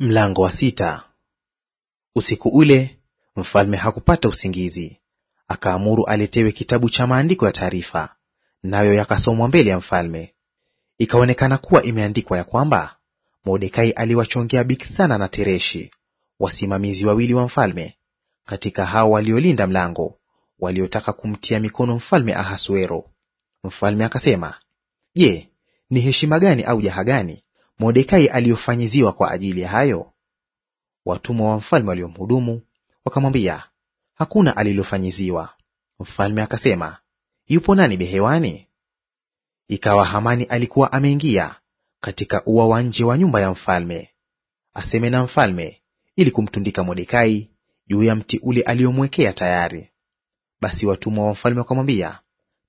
Mlango wa sita. Usiku ule mfalme hakupata usingizi, akaamuru aletewe kitabu cha maandiko ya taarifa, nayo yakasomwa mbele ya mfalme. Ikaonekana kuwa imeandikwa ya kwamba Mordekai aliwachongea Bigthana na Tereshi, wasimamizi wawili wa mfalme, katika hao waliolinda mlango, waliotaka kumtia mikono mfalme Ahasuero. Mfalme akasema, Je, ni heshima gani au jaha gani Mordekai aliyofanyiziwa kwa ajili ya hayo, watumwa wa mfalme waliomhudumu wakamwambia, hakuna alilofanyiziwa. Mfalme akasema, yupo nani behewani? Ikawa Hamani alikuwa ameingia katika ua wa nje wa nyumba ya mfalme, aseme na mfalme, ili kumtundika Mordekai juu ya mti ule aliyomwekea tayari. Basi watumwa wa mfalme wakamwambia,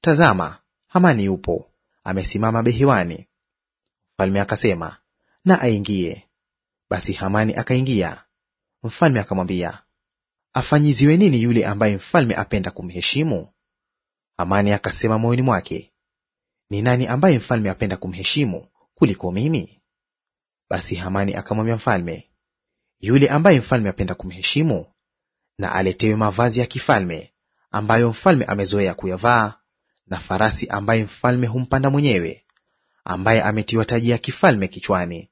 tazama, Hamani yupo amesimama behewani. Mfalme akasema, na aingie. Basi Hamani akaingia. Mfalme akamwambia, afanyiziwe nini yule ambaye mfalme apenda kumheshimu? Hamani akasema moyoni mwake, ni nani ambaye mfalme apenda kumheshimu kuliko mimi? Basi Hamani akamwambia mfalme, yule ambaye mfalme apenda kumheshimu na aletewe mavazi ya kifalme ambayo mfalme amezoea kuyavaa, na farasi ambaye mfalme humpanda mwenyewe, ambaye ametiwa taji ya kifalme kichwani,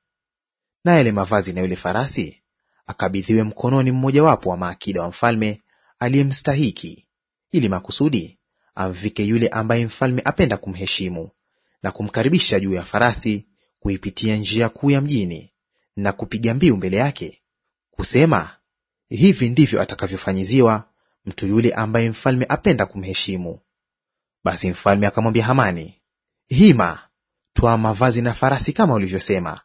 na yale mavazi na yule farasi akabidhiwe mkononi mmojawapo wa maakida wa mfalme aliyemstahiki, ili makusudi amvike yule ambaye mfalme apenda kumheshimu, na kumkaribisha juu ya farasi kuipitia njia kuu ya mjini, na kupiga mbiu mbele yake kusema, hivi ndivyo atakavyofanyiziwa mtu yule ambaye mfalme apenda kumheshimu. Basi mfalme akamwambia Hamani, hima, twaa mavazi na farasi kama ulivyosema,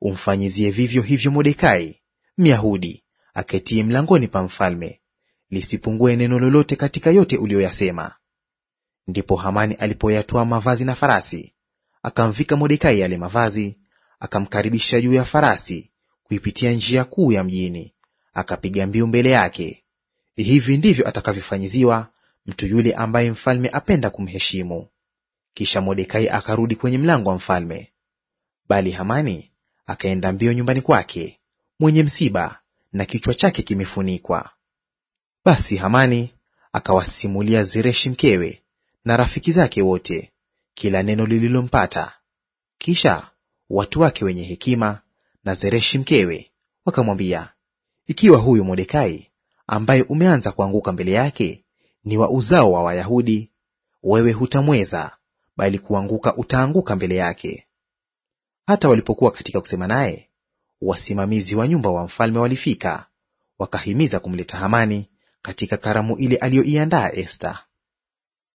umfanyizie vivyo hivyo Mordekai Myahudi aketie mlangoni pa mfalme, lisipungue neno lolote katika yote uliyoyasema. Ndipo Hamani alipoyatoa mavazi na farasi, akamvika Mordekai yale mavazi, akamkaribisha juu ya farasi kuipitia njia kuu ya mjini, akapiga mbiu mbele yake. Hivi ndivyo atakavyofanyiziwa mtu yule ambaye mfalme apenda kumheshimu. Kisha Mordekai akarudi kwenye mlango wa mfalme, bali Hamani akaenda mbio nyumbani kwake mwenye msiba na kichwa chake kimefunikwa. Basi Hamani akawasimulia Zereshi mkewe na rafiki zake wote kila neno lililompata. Kisha watu wake wenye hekima na Zereshi mkewe wakamwambia, ikiwa huyu Mordekai ambaye umeanza kuanguka mbele yake ni wa uzao wa Wayahudi, wewe hutamweza, bali kuanguka utaanguka mbele yake. Hata walipokuwa katika kusema naye, wasimamizi wa nyumba wa mfalme walifika, wakahimiza kumleta Hamani katika karamu ile aliyoiandaa Esta.